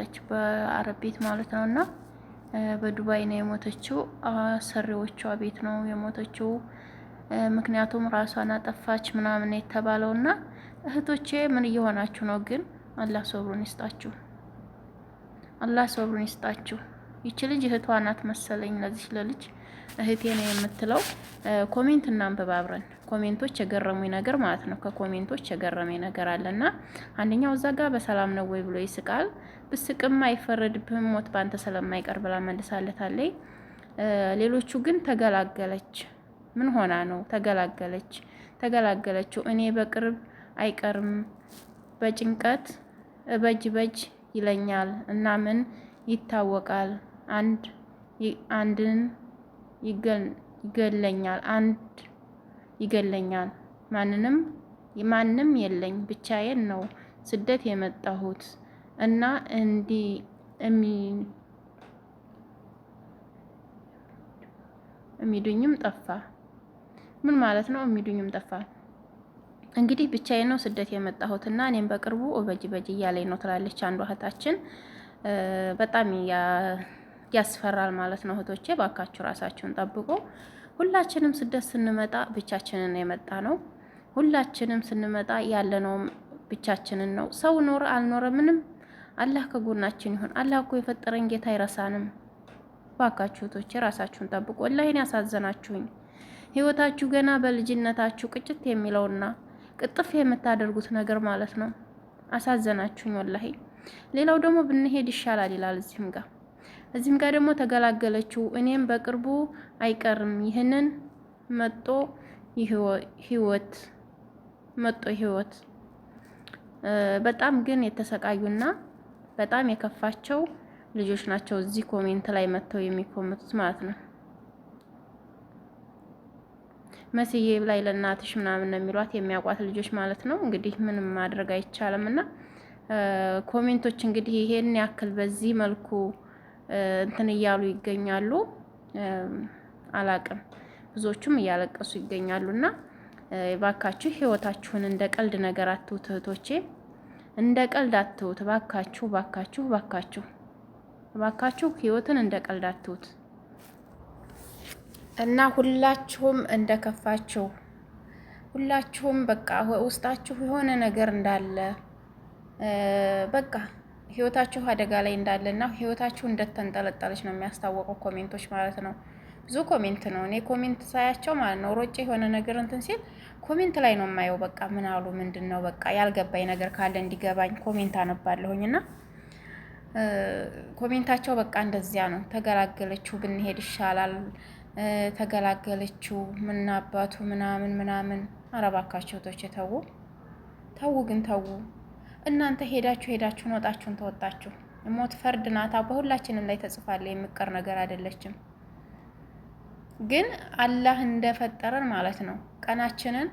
ሞተች፣ በአረብ ቤት ማለት ነው። እና በዱባይ ነው የሞተችው። አሰሪዎቿ ቤት ነው የሞተችው። ምክንያቱም ራሷን አጠፋች ምናምን የተባለው እና እህቶቼ ምን እየሆናችሁ ነው? ግን አላህ ሰብሩን ይስጣችሁ፣ አላህ ሰብሩን ይስጣችሁ። ይች ልጅ እህቷ ናት መሰለኝ ለዚች ለልጅ እህቴ ነው የምትለው። ኮሜንት እናንብብ አብረን። ኮሜንቶች የገረሙኝ ነገር ማለት ነው ከኮሜንቶች የገረመኝ ነገር አለ እና አንደኛው እዛ ጋር በሰላም ነው ወይ ብሎ ይስቃል። ብስቅም አይፈረድብህም ሞት በአንተ ስለማይቀር ብላ መልሳለታለች። ሌሎቹ ግን ተገላገለች። ምን ሆና ነው ተገላገለች? ተገላገለችው እኔ በቅርብ አይቀርም በጭንቀት በጅ በጅ ይለኛል እና ምን ይታወቃል አንድ አንድን ይገለኛል አንድ ይገለኛል ማንንም ማንም የለኝ ብቻዬን ነው ስደት የመጣሁት እና እንዲ እሚዱኝም ጠፋ። ምን ማለት ነው? እሚዱኝም ጠፋ። እንግዲህ ብቻዬ ነው ስደት የመጣሁት እና እኔም በቅርቡ እበጅ በጅ እያለኝ ነው ትላለች አንዷ እህታችን። በጣም ያስፈራል ማለት ነው። እህቶቼ ባካችሁ ራሳችሁን ጠብቁ። ሁላችንም ስደት ስንመጣ ብቻችንን የመጣ ነው። ሁላችንም ስንመጣ ያለነውም ብቻችንን ነው። ሰው ኖረ አልኖረ ምንም አላህ ከጎናችን ይሁን። አላህ እኮ የፈጠረን ጌታ አይረሳንም። ባካችሁ እህቶቼ ራሳችሁን ጠብቁ። ወላሂን ያሳዘናችሁኝ ህይወታችሁ ገና በልጅነታችሁ ቅጭት የሚለውና ቅጥፍ የምታደርጉት ነገር ማለት ነው። አሳዘናችሁኝ ወላሂ። ሌላው ደግሞ ብንሄድ ይሻላል ይላል እዚህም ጋር እዚህም ጋር ደግሞ ተገላገለችው። እኔም በቅርቡ አይቀርም ይህንን መጦ ህይወት መጦ ህይወት በጣም ግን የተሰቃዩና በጣም የከፋቸው ልጆች ናቸው እዚህ ኮሜንት ላይ መጥተው የሚኮመቱት ማለት ነው። መስዬ ላይ ለእናትሽ ምናምን ነው የሚሏት የሚያውቋት ልጆች ማለት ነው። እንግዲህ ምንም ማድረግ አይቻልም እና ኮሜንቶች እንግዲህ ይሄን ያክል በዚህ መልኩ እንትን እያሉ ይገኛሉ። አላቅም ብዙዎቹም እያለቀሱ ይገኛሉ እና ባካችሁ ህይወታችሁን እንደ ቀልድ ነገር አትውት እህቶቼ። እንደ ቀልድ አትሁት። ባካችሁ ባካችሁ ባካችሁ ባካችሁ ህይወትን እንደ ቀልድ አትሁት እና ሁላችሁም እንደ ከፋችሁ ሁላችሁም በቃ ውስጣችሁ የሆነ ነገር እንዳለ በቃ ህይወታችሁ አደጋ ላይ እንዳለ እና ህይወታችሁ እንደተንጠለጠለች ነው የሚያስታወቀው ኮሜንቶች ማለት ነው። ብዙ ኮሜንት ነው እኔ ኮሜንት ሳያቸው ማለት ነው ሮጬ የሆነ ነገር እንትን ሲል ኮሜንት ላይ ነው የማየው። በቃ ምን አሉ ምንድን ነው በቃ ያልገባኝ ነገር ካለ እንዲገባኝ ኮሜንት አነባለሁኝ እና ኮሜንታቸው በቃ እንደዚያ ነው። ተገላገለችው ብንሄድ ይሻላል፣ ተገላገለችው ምናባቱ ምናምን ምናምን። ኧረ እባካችሁ ቶች ተዉ ተዉ፣ ግን ተዉ እናንተ ሄዳችሁ ሄዳችሁን ወጣችሁን ተወጣችሁ። ሞት ፈርድ ናታ በሁላችንም ላይ ተጽፋለ፣ የምቀር ነገር አይደለችም። ግን አላህ እንደፈጠረን ማለት ነው ቀናችንን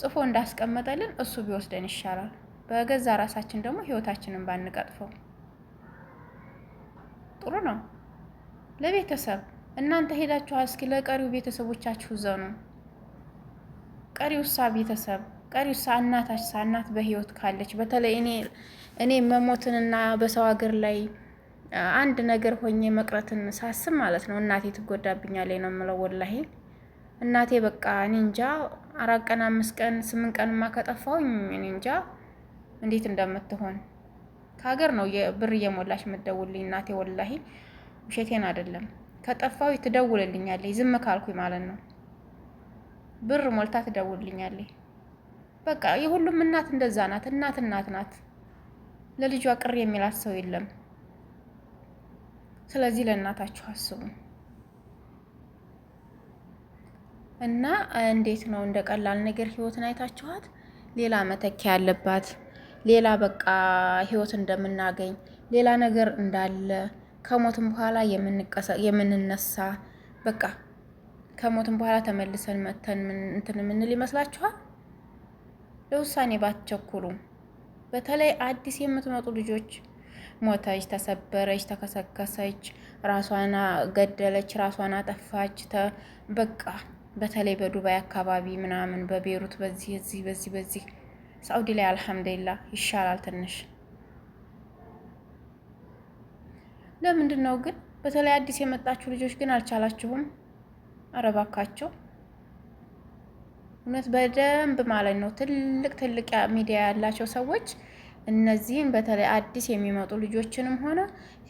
ጽፎ እንዳስቀመጠልን እሱ ቢወስደን ይሻላል። በገዛ ራሳችን ደግሞ ህይወታችንን ባንቀጥፈው ጥሩ ነው። ለቤተሰብ እናንተ ሄዳችሁ እስኪ ለቀሪው ቤተሰቦቻችሁ ዘኑ። ቀሪውሳ ቤተሰብ ቀሪውሳ እናታችሳ እናት በህይወት ካለች በተለይ እኔ እኔ መሞትንና በሰው ሀገር ላይ አንድ ነገር ሆኜ መቅረትን ሳስብ ማለት ነው እናቴ ትጎዳብኛለች ነው የምለው። ወላሂ እናቴ በቃ እኔ እንጃ አራት ቀን አምስት ቀን ስምንት ቀንማ ከጠፋሁኝ እኔ እንጃ እንዴት እንደምትሆን ከሀገር ነው ብር እየሞላች የምትደውልልኝ እናቴ። ወላሂ ውሸቴን አይደለም። ከጠፋሁ ትደውልልኛለች ዝም ካልኩኝ ማለት ነው። ብር ሞልታ ትደውልልኛለች። በቃ የሁሉም እናት እንደዛ ናት። እናት እናት ናት። ለልጇ ቅር የሚላት ሰው የለም። ስለዚህ ለእናታችሁ አስቡ እና እንዴት ነው እንደ ቀላል ነገር ህይወትን አይታችኋት ሌላ መተኪያ ያለባት ሌላ በቃ ህይወት እንደምናገኝ ሌላ ነገር እንዳለ ከሞትም በኋላ የምንነሳ በቃ ከሞትም በኋላ ተመልሰን መተን እንትን የምንል ይመስላችኋል? ለውሳኔ ባትቸኩሉ። በተለይ አዲስ የምትመጡ ልጆች ሞተች፣ ተሰበረች፣ ተከሰከሰች፣ ራሷን ገደለች፣ ራሷን አጠፋች። በቃ በተለይ በዱባይ አካባቢ ምናምን በቤሩት በዚህ እዚህ በዚህ በዚህ ሳውዲ ላይ አልሐምዱሊላ ይሻላል ትንሽ። ለምንድን ነው ግን በተለይ አዲስ የመጣችሁ ልጆች ግን አልቻላችሁም? አረባካቸው እውነት በደንብ ማለት ነው። ትልቅ ትልቅ ሚዲያ ያላቸው ሰዎች እነዚህም በተለይ አዲስ የሚመጡ ልጆችንም ሆነ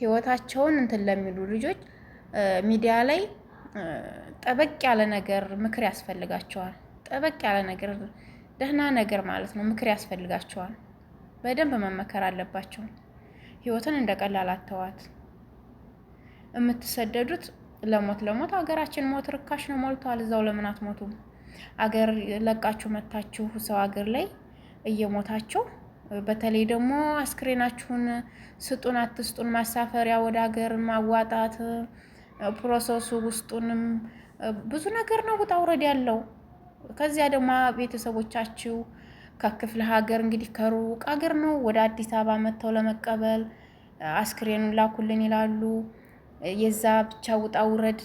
ህይወታቸውን እንትን ለሚሉ ልጆች ሚዲያ ላይ ጠበቅ ያለ ነገር ምክር ያስፈልጋቸዋል። ጠበቅ ያለ ነገር፣ ደህና ነገር ማለት ነው። ምክር ያስፈልጋቸዋል። በደንብ መመከር አለባቸው። ህይወትን እንደ ቀላል አተዋት። የምትሰደዱት ለሞት ለሞት ሀገራችን ሞት ርካሽ ነው፣ ሞልቷል። እዛው ለምን አትሞቱም? አገር ለቃችሁ መታችሁ ሰው ሀገር ላይ እየሞታችሁ በተለይ ደግሞ አስክሬናችሁን ስጡን አትስጡን፣ ማሳፈሪያ ወደ ሀገር ማዋጣት፣ ፕሮሰሱ ውስጡንም ብዙ ነገር ነው ውጣ ውረድ ያለው። ከዚያ ደግሞ ቤተሰቦቻችሁ ከክፍለ ሀገር እንግዲህ ከሩቅ ሀገር ነው ወደ አዲስ አበባ መጥተው ለመቀበል አስክሬኑን ላኩልን ይላሉ። የዛ ብቻ ውጣ ውረድ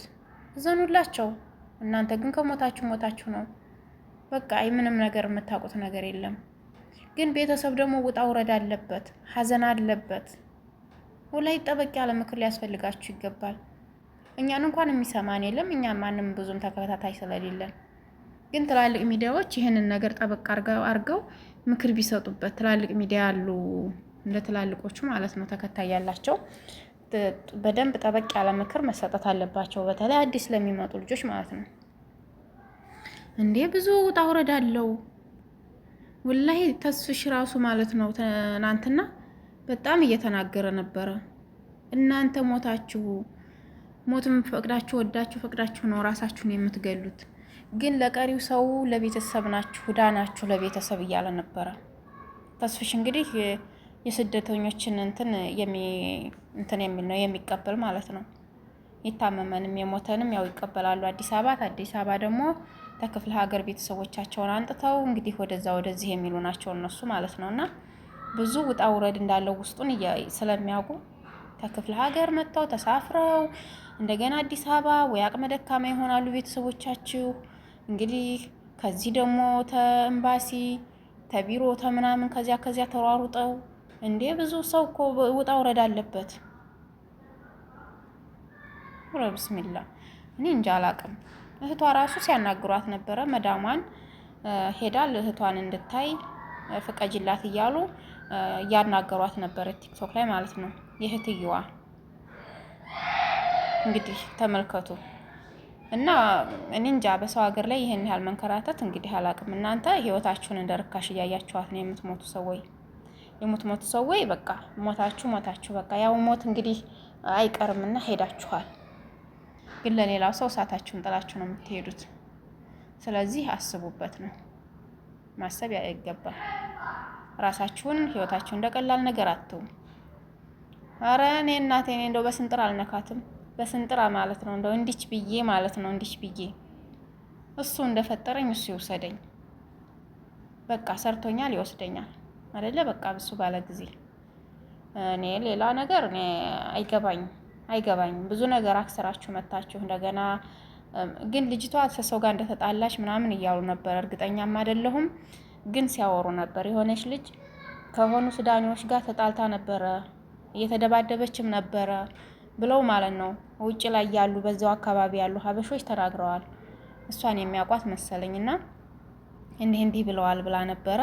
እዘኑላቸው። እናንተ ግን ከሞታችሁ ሞታችሁ ነው። በቃ ምንም ነገር የምታውቁት ነገር የለም። ግን ቤተሰብ ደግሞ ውጣ ውረድ አለበት፣ ሀዘን አለበት። ወላሂ ጠበቅ ያለ ምክር ሊያስፈልጋችሁ ይገባል። እኛን እንኳን የሚሰማን የለም፣ እኛ ማንም ብዙም ተከታታይ ስለሌለን፣ ግን ትላልቅ ሚዲያዎች ይህንን ነገር ጠበቅ አድርገው ምክር ቢሰጡበት። ትላልቅ ሚዲያ አሉ እንደ ትላልቆቹ ማለት ነው ተከታይ ያላቸው በደንብ ጠበቅ ያለ ምክር መሰጠት አለባቸው። በተለይ አዲስ ለሚመጡ ልጆች ማለት ነው። እንዴ ብዙ ውጣ ውረድ አለው ወላሂ ተስፍሽ ራሱ ማለት ነው። ትናንትና በጣም እየተናገረ ነበረ። እናንተ ሞታችሁ ሞትም ፈቅዳችሁ ወዳችሁ ፈቅዳችሁ ነው ራሳችሁን የምትገሉት፣ ግን ለቀሪው ሰው ለቤተሰብ ናችሁ ዳናችሁ ለቤተሰብ እያለ ነበረ ተስፍሽ። እንግዲህ የስደተኞችን እንትን እንትን የሚል ነው የሚቀበል ማለት ነው። የታመመንም የሞተንም ያው ይቀበላሉ አዲስ አበባ። አዲስ አበባ ደግሞ ተክፍለ ሀገር ቤተሰቦቻቸውን አንጥተው እንግዲህ ወደዛ ወደዚህ የሚሉ ናቸው እነሱ ማለት ነው። እና ብዙ ውጣ ውረድ እንዳለው ውስጡን ስለሚያውቁ ከክፍለ ሀገር መጥተው ተሳፍረው እንደገና አዲስ አበባ ወይ አቅመ ደካማ ይሆናሉ ቤተሰቦቻችሁ። እንግዲህ ከዚህ ደግሞ ተኤምባሲ ተቢሮ ተምናምን ከዚያ ከዚያ ተሯሩጠው እንዴ ብዙ ሰው እኮ ውጣ ውረድ አለበት። ብሎ ብስሚላ እኔ እንጃ አላቅም። እህቷ ራሱ ሲያናግሯት ነበረ። መዳሟን ሄዳ እህቷን እንድታይ ፍቀጅላት እያሉ እያናገሯት ነበረ፣ ቲክቶክ ላይ ማለት ነው። የእህትየዋ እንግዲህ ተመልከቱ እና እኔ እንጃ በሰው ሀገር ላይ ይህን ያህል መንከራተት እንግዲህ አላቅም። እናንተ ህይወታችሁን እንደ ርካሽ እያያችኋት ነው የምትሞቱ ሰዎች የምትሞቱ ሰዎች በቃ ሞታችሁ ሞታችሁ በቃ ያው ሞት እንግዲህ አይቀርምና ሄዳችኋል። ግን ለሌላው ሰው እሳታችሁን ጥላችሁ ነው የምትሄዱት። ስለዚህ አስቡበት ነው ማሰብ ይገባል። ራሳችሁን ህይወታችሁን እንደቀላል ነገር አትው። አረ እኔ እናቴ እኔ እንደው በስንጥር አልነካትም በስንጥራ ማለት ነው እንደው እንዲች ብዬ ማለት ነው እንዲች ብዬ እሱ እንደፈጠረኝ እሱ ይውሰደኝ በቃ ሰርቶኛል፣ ይወስደኛል አደለ? በቃ ብሱ ባለ ጊዜ እኔ ሌላ ነገር እኔ አይገባኝም። አይገባኝም። ብዙ ነገር አክስራችሁ መታችሁ እንደገና ግን ልጅቷ ሰው ጋር እንደተጣላች ምናምን እያሉ ነበር። እርግጠኛም አይደለሁም ግን ሲያወሩ ነበር። የሆነች ልጅ ከሆኑ ስዳኔዎች ጋር ተጣልታ ነበረ፣ እየተደባደበችም ነበረ ብለው ማለት ነው። ውጭ ላይ ያሉ በዛው አካባቢ ያሉ ሀበሾች ተናግረዋል። እሷን የሚያውቋት መሰለኝ እና እንዲህ እንዲህ ብለዋል ብላ ነበረ።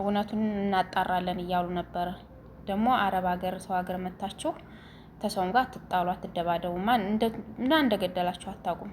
እውነቱን እናጣራለን እያሉ ነበረ። ደግሞ አረብ ሀገር ሰው ሀገር መታችሁ ከሰውም ጋር አትጣሉ፣ አትደባደቡ። ማን እና እንደገደላችሁ አታውቁም።